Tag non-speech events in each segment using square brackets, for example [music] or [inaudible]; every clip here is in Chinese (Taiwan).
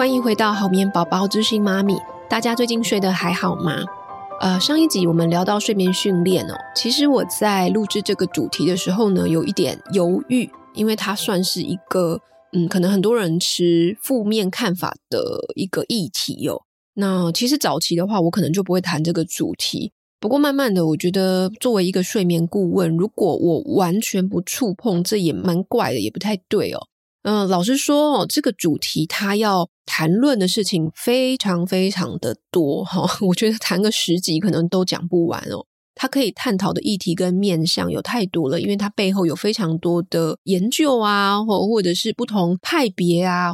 歡迎回到好眠寶寶知心媽咪，大家最近睡得還好嗎？呃，上一集我們聊到睡眠訓練哦，其實我在錄製這個主題的時候呢，有一點猶豫，因為它算是一個嗯，可能很多人持負面看法的一個議題哦。那其實早期的話，我可能就不會談這個主題，不過慢慢的，我覺得作為一個睡眠顧問，如果我完全不觸碰，這也蠻怪的，也不太對哦。嗯，老實說哦，這個主題他要談論的事情非常非常的多哈，我覺得談個十集可能都講不完哦。他可以探討的議題跟面向有太多了，因為它背後有非常多的研究啊，或或者是不同派別啊，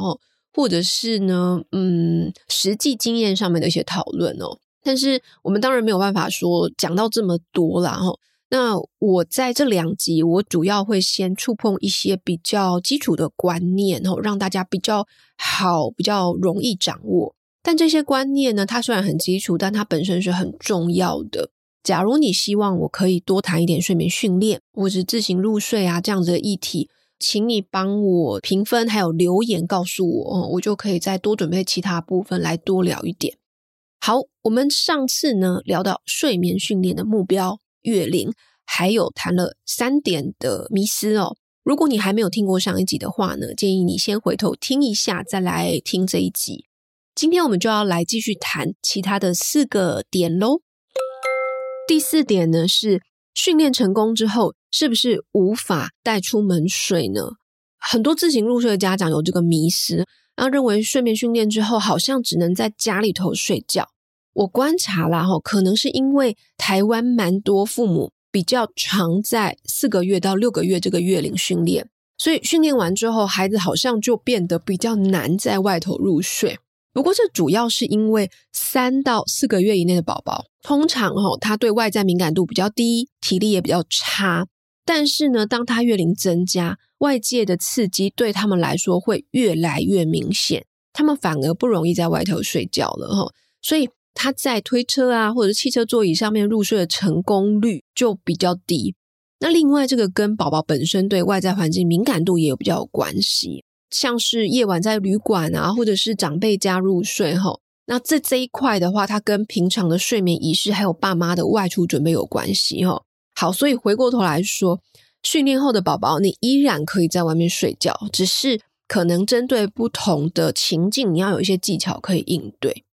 或者是呢，嗯，實際經驗上面的一些討論哦。但是我們當然沒有辦法說講到這麼多啦哦。那我在這兩集，我主要會先觸碰一些比較基礎的觀念，然後讓大家比較好、比較容易掌握。但這些觀念呢，它雖然很基礎，但它本身是很重要的。假如你希望我可以多談一點睡眠訓練或是自行入睡啊，這樣子的議題，請你幫我評分還有留言告訴我，我就可以再多準備其他部分來多聊一點。好，我們上次呢聊到睡眠訓練的目標。月齡，還有談了三點的迷思哦。如果你還沒有聽過上一集的話呢，建議你先回頭聽一下，再來聽這一集。今天我們就要來繼續談其他的四個點嘍。第四點呢是訓練成功之後，是不是無法帶出門睡呢？很多自行入睡的家長有這個迷思，然後認為睡眠訓練之後好像只能在家裡頭睡覺。我觀察了齁，可能是因為台灣蠻多父母比較常在四個月到六個月這個月齡訓練，所以訓練完之後，孩子好像就變得比較難在外頭入睡。不過這主要是因為三到四個月以內的寶寶，通常齁，他對外在敏感度比較低，體力也比較差。但是呢，當他月齡增加，外界的刺激對他們來說會越來越明顯，他們反而不容易在外頭睡覺了齁。所以。他在推車啊，或者是汽車座椅上面入睡的成功率就比較低。那另外，這個跟寶寶本身對外在環境敏感度也有比較有關係。像是夜晚在旅館啊，或者是長輩家入睡齁。那這這一塊的話，它跟平常的睡眠儀式，還有爸媽的外出準備有關係齁。好，所以回過頭來說，訓練後的寶寶，你依然可以在外面睡覺，只是可能針對不同的情境，你要有一些技巧可以應對。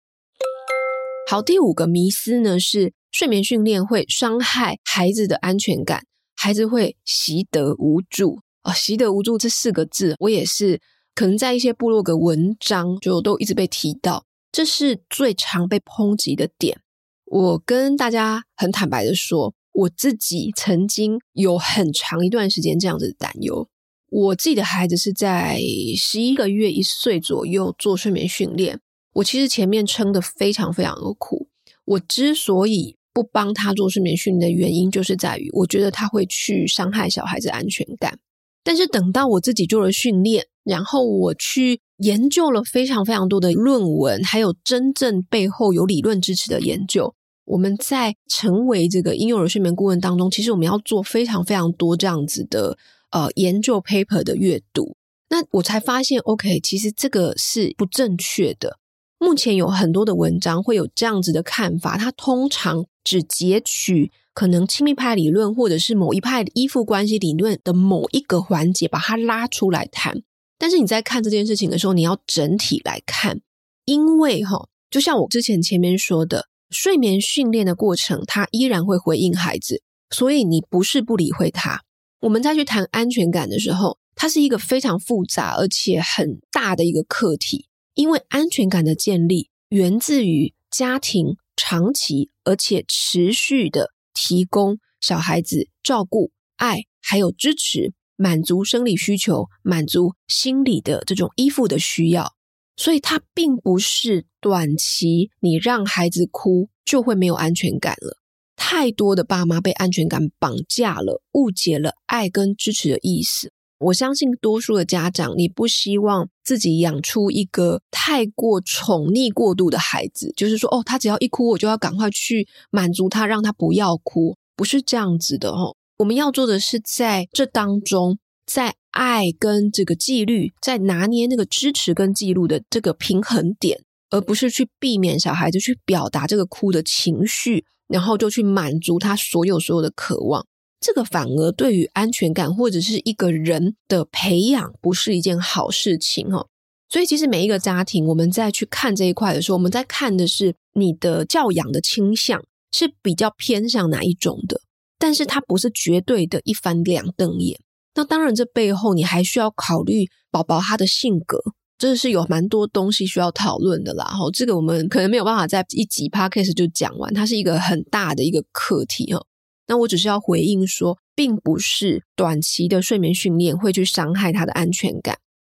好，第五個迷思呢，是睡眠訓練會傷害孩子的安全感，孩子會習得無助。哦，習得無助這四個字，我也是可能在一些部落格文章就都一直被提到，這是最常被抨擊的點。我跟大家很坦白的說，我自己曾經有很長一段時間這樣子的擔憂。我自己的孩子是在十一個月一歲左右做睡眠訓練。我其實前面撐的非常非常的苦。我之所以不幫他做睡眠訓練的原因，就是在於我覺得他會去傷害小孩子安全感。但是等到我自己做了訓練，然後我去研究了非常非常多的論文，還有真正背後有理論支持的研究，我們在成為這個嬰幼兒睡眠顧問當中，其實我們要做非常非常多這樣子的呃研究 paper 的閱讀。那我才發現，OK，其實這個是不正確的。目前有很多的文章會有這樣子的看法，它通常只截取可能親密派理論或者是某一派依附關係理論的某一個環節，把它拉出來談。但是你在看這件事情的時候，你要整體來看，因為哈，就像我之前前面說的，睡眠訓練的過程，它依然會回應孩子，所以你不是不理會他。我們再去談安全感的時候，它是一個非常複雜而且很大的一個課題。因為安全感的建立源自於家庭長期而且持續的提供小孩子照顧、愛還有支持，滿足生理需求，滿足心理的這種依附的需要，所以它並不是短期你讓孩子哭就會沒有安全感了。太多的爸媽被安全感綁架了，誤解了愛跟支持的意思。我相信多數的家長，你不希望自己養出一個太過寵溺過度的孩子，就是說，哦，他只要一哭，我就要趕快去滿足他，讓他不要哭，不是這樣子的哦。我們要做的是，在這當中，在愛跟這個紀律，在拿捏那個支持跟記錄的這個平衡點，而不是去避免小孩子去表達這個哭的情緒，然後就去滿足他所有所有的渴望。這個反而對於安全感或者是一個人的培養不是一件好事情哦。所以其實每一個家庭，我們在去看這一塊的時候，我們在看的是你的教養的傾向是比較偏向哪一種的。但是它不是絕對的一翻兩瞪眼。那當然，這背後你還需要考慮寶寶他的性格，真的是有蠻多東西需要討論的啦。哈，這個我們可能沒有辦法在一集 Podcast 就講完，它是一個很大的一個課題哈。那我只是要回應說，並不是短期的睡眠訓練會去傷害他的安全感。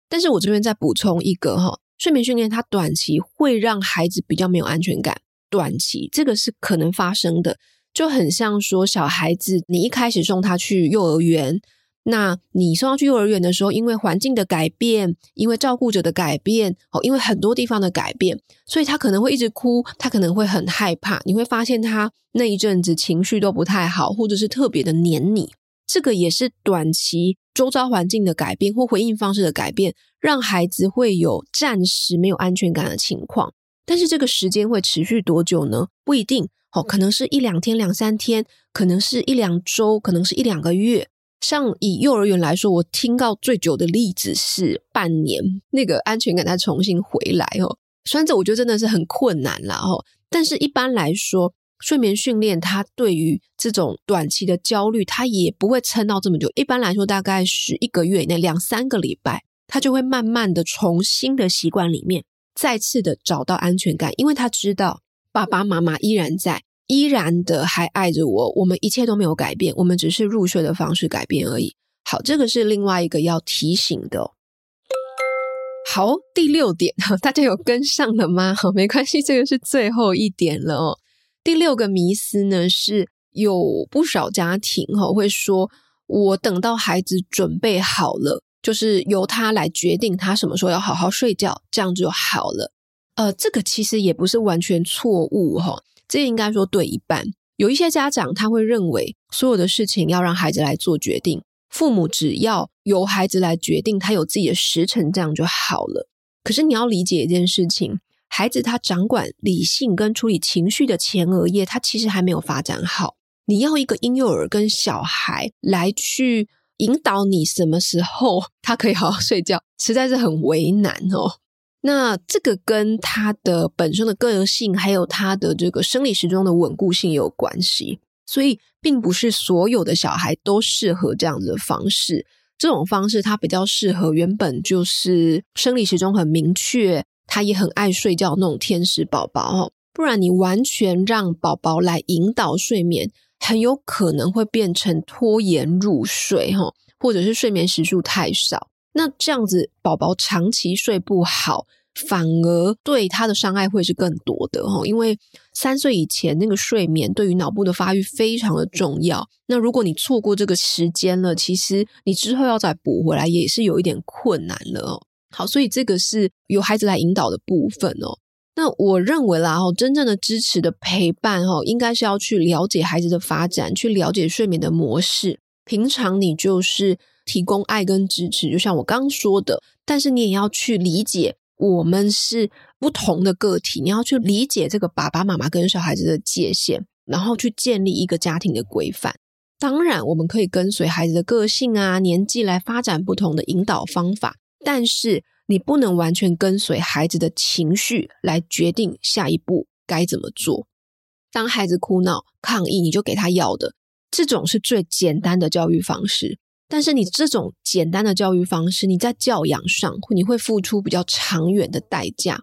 但是我這邊再補充一個哈，睡眠訓練它短期會讓孩子比較沒有安全感，短期這個是可能發生的，就很像說小孩子，你一開始送他去幼兒園。那你送他去幼兒園的時候，因為環境的改變，因為照顧者的改變，哦，因為很多地方的改變，所以他可能會一直哭，他可能會很害怕。你會發現他那一陣子情緒都不太好，或者是特別的黏你。這個也是短期周遭環境的改變或回應方式的改變，讓孩子會有暫時沒有安全感的情況。但是這個時間會持續多久呢？不一定哦，可能是一兩天、兩三天，可能是一兩周，可能是一兩個月。像以幼兒園來說，我聽到最久的例子是半年，那個安全感再重新回來哦。雖然這我覺得真的是很困難了哦，但是一般來說，睡眠訓練他對於這種短期的焦慮，他也不會撐到這麼久。一般來說，大概是一個月以內，兩三個禮拜，他就會慢慢的從新的習慣裡面，再次的找到安全感，因為他知道爸爸媽媽依然在。依然的還愛着我，我們一切都沒有改變，我們只是入睡的方式改變而已。好，這個是另外一個要提醒的哦。好，第六點，大家有跟上了嗎？好，沒關係，這個是最後一點了哦。第六個迷思呢，是有不少家庭哈會說，我等到孩子準備好了，就是由他來決定他什麼時候要好好睡覺，這樣就好了。呃，這個其實也不是完全錯誤哈哦。這應該說對一半。有一些家長他會認為，所有的事情要讓孩子來做決定，父母只要由孩子來決定，他有自己的時辰，這樣就好了。可是你要理解一件事情，孩子他掌管理性跟處理情緒的前額葉，他其實還沒有發展好。你要一個嬰幼兒跟小孩來去引導你什麼時候他可以好好睡覺，實在是很為難哦。那這個跟他的本身的個性，還有他的這個生理時鐘的穩固性有關係，所以並不是所有的小孩都適合這樣子的方式。這種方式它比較適合原本就是生理時鐘很明確，他也很愛睡覺那種天使寶寶哦。不然你完全讓寶寶來引導睡眠，很有可能會變成拖延入睡哈，或者是睡眠時數太少。那這樣子，寶寶長期睡不好，反而對他的傷害會是更多的吼，因為三歲以前那個睡眠對於腦部的發育非常的重要。那如果你錯過這個時間了，其實你之後要再補回來也是有一點困難了哦。好，所以這個是由孩子來引導的部分哦。那我認為啦，哦，真正的支持的陪伴，哦，應該是要去了解孩子的發展，去了解睡眠的模式。平常你就是提供愛跟支持，就像我剛說的，但是你也要去理解我們是不同的個體，你要去理解這個爸爸、媽媽跟小孩子的界限，然後去建立一個家庭的規範。當然，我們可以跟隨孩子的個性啊、年紀來發展不同的引導方法，但是你不能完全跟隨孩子的情緒來決定下一步該怎麼做。當孩子哭鬧抗議，你就給他要的。這種是最簡單的教育方式，但是你這種簡單的教育方式，你在教養上你會付出比較長遠的代價。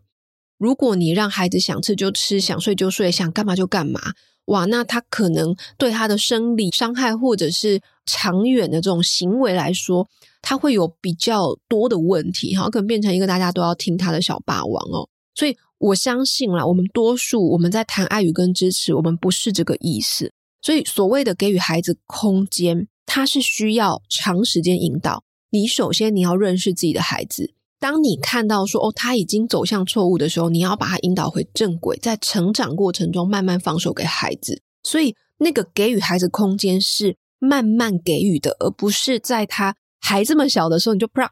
如果你讓孩子想吃就吃，想睡就睡，想幹嘛就幹嘛，哇，那他可能對他的生理傷害，或者是長遠的這種行為來說，他會有比較多的問題，哈，可能變成一個大家都要聽他的小霸王哦。所以我相信啦，我們多數我們在談愛與跟支持，我們不是這個意思。所以，所謂的給予孩子空間，它是需要長時間引導。你首先你要認識自己的孩子。當你看到說哦，他已經走向錯誤的時候，你要把他引導回正軌。在成長過程中，慢慢放手給孩子。所以，那個給予孩子空間是慢慢給予的，而不是在他還這麼小的時候你就不讓，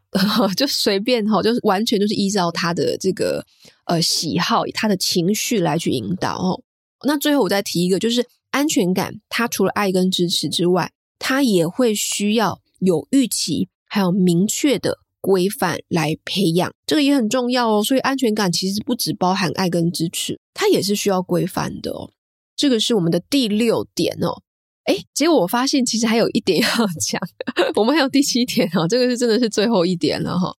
就隨便吼，哦，就是完全就是依照他的這個呃喜好、他的情緒來去引導哦。那最後我再提一個，就是。安全感，它除了愛跟支持之外，它也會需要有預期，還有明確的規範來培養，這個也很重要哦。所以安全感其實不只包含愛跟支持，它也是需要規範的哦。這個是我們的第六點哦。哎，結果我發現其實還有一點要講， [laughs] 我們還有第七點哦。這個是真的是最後一點了哈。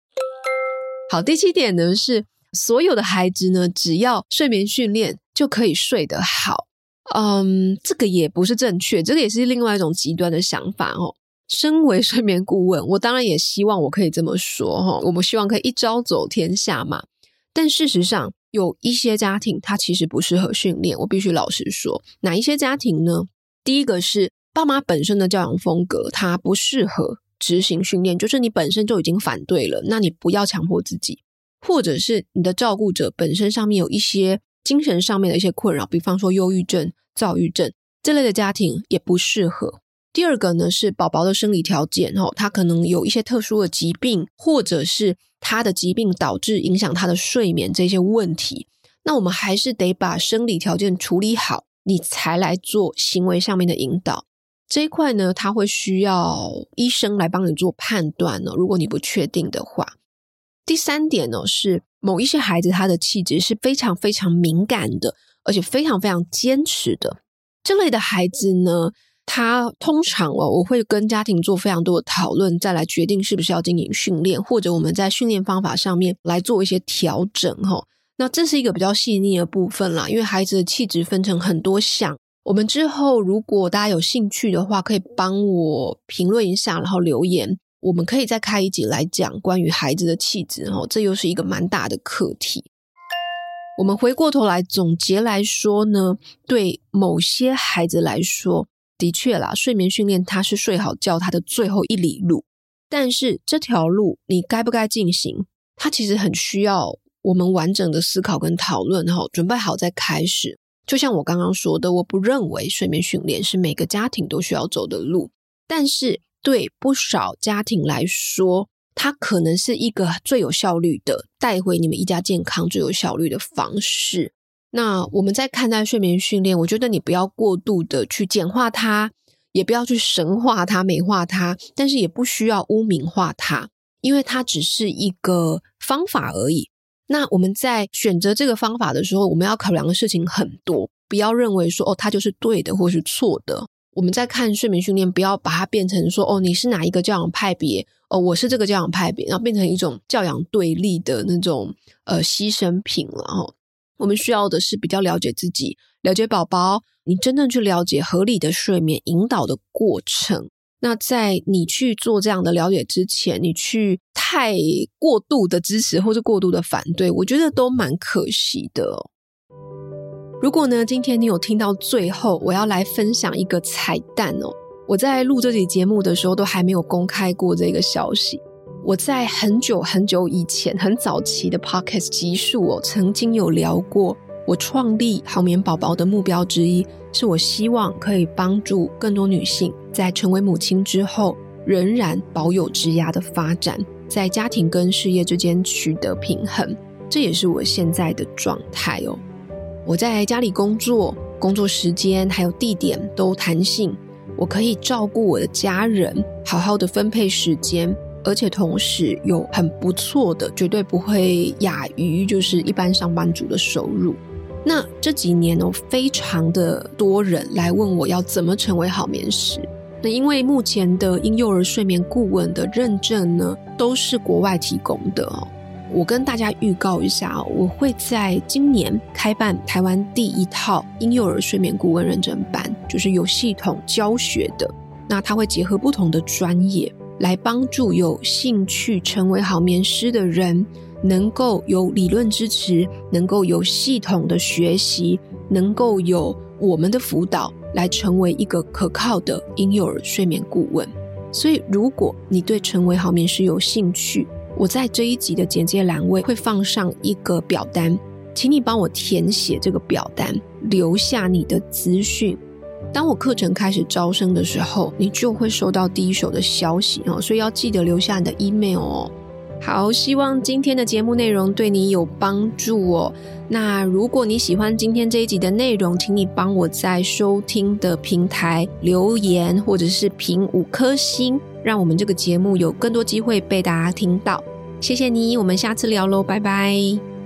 好，第七點呢是所有的孩子呢，只要睡眠訓練就可以睡得好。嗯、um，這個也不是正確，這個也是另外一種極端的想法哦。身為睡眠顧問，我當然也希望我可以這麼說哈、哦。我們希望可以一招走天下嘛。但事實上，有一些家庭他其實不適合訓練，我必須老實說。哪一些家庭呢？第一個是爸媽本身的教養風格，他不適合執行訓練，就是你本身就已經反對了，那你不要強迫自己，或者是你的照顧者本身上面有一些。精神上面的一些困擾，比方說憂鬱症、躁鬱症這類的家庭也不適合。第二個呢，是寶寶的生理條件哦，他可能有一些特殊的疾病，或者是他的疾病導致影響他的睡眠這些問題。那我們還是得把生理條件處理好，你才來做行為上面的引導。這一塊呢，他會需要醫生來幫你做判斷呢、哦，如果你不確定的話。第三點呢、哦，是。某一些孩子，他的氣質是非常非常敏感的，而且非常非常堅持的。這類的孩子呢，他通常哦，我會跟家庭做非常多的討論，再來決定是不是要進行訓練，或者我們在訓練方法上面來做一些調整哈、哦。那這是一個比較細膩的部分啦，因為孩子的氣質分成很多項。我們之後如果大家有興趣的話，可以幫我評論一下，然後留言。我們可以再開一集來講關於孩子的氣質，哈，這又是一個蠻大的課題。我們回過頭來總結來說呢，對某些孩子來說，的確啦，睡眠訓練它是睡好覺，它的最後一哩路。但是這條路你該不該進行，它其實很需要我們完整的思考跟討論，然後準備好再開始。就像我剛剛說的，我不認為睡眠訓練是每個家庭都需要走的路，但是。對不少家庭來說，它可能是一個最有效率的帶回你們一家健康最有效率的方式。那我們在看待睡眠訓練，我覺得你不要過度的去簡化它，也不要去神化它、美化它，但是也不需要汙名化它，因為它只是一個方法而已。那我們在選擇這個方法的時候，我們要考量的事情很多，不要認為說哦，它就是對的或是錯的。我們在看睡眠訓練，不要把它變成說哦，你是哪一個教養派別哦，我是這個教養派別，然後變成一種教養對立的那種呃犧牲品了哈、哦。我們需要的是比較了解自己，了解寶寶，你真正去了解合理的睡眠引導的過程。那在你去做這樣的了解之前，你去太過度的支持或者過度的反對，我覺得都蠻可惜的。如果呢，今天你有聽到最後，我要來分享一個彩蛋哦。我在錄這期節目的時候，都還沒有公開過這個消息。我在很久很久以前，很早期的 podcast 集數哦，曾經有聊過。我創立好眠寶寶的目標之一，是我希望可以幫助更多女性在成為母親之後，仍然保有職業的發展，在家庭跟事業之間取得平衡。這也是我現在的狀態哦。我在家裡工作，工作時間還有地點都彈性，我可以照顧我的家人，好好的分配時間，而且同時有很不錯的，絕對不會亞於就是一般上班族的收入。那這幾年哦，非常的多人來問我要怎麼成為好眠師。那因為目前的嬰幼兒睡眠顧問的認證呢，都是國外提供的哦。我跟大家預告一下啊，我會在今年開辦台灣第一套嬰幼兒睡眠顧問認證班，就是有系統教學的。那它會結合不同的專業，來幫助有興趣成為好眠師的人，能夠有理論支持，能夠有系統的學習，能夠有我們的輔導，來成為一個可靠的嬰幼兒睡眠顧問。所以，如果你對成為好眠師有興趣，我在這一集的簡介欄位會放上一個表單，請你幫我填寫這個表單，留下你的資訊。當我課程開始招生的時候，你就會收到第一手的消息哦，所以要記得留下你的 email 哦。好，希望今天的節目內容對你有幫助哦。那如果你喜歡今天這一集的內容，請你幫我在收聽的平台留言或者是評五顆星，讓我們這個節目有更多機會被大家聽到。謝謝你，我們下次聊嘍，拜拜。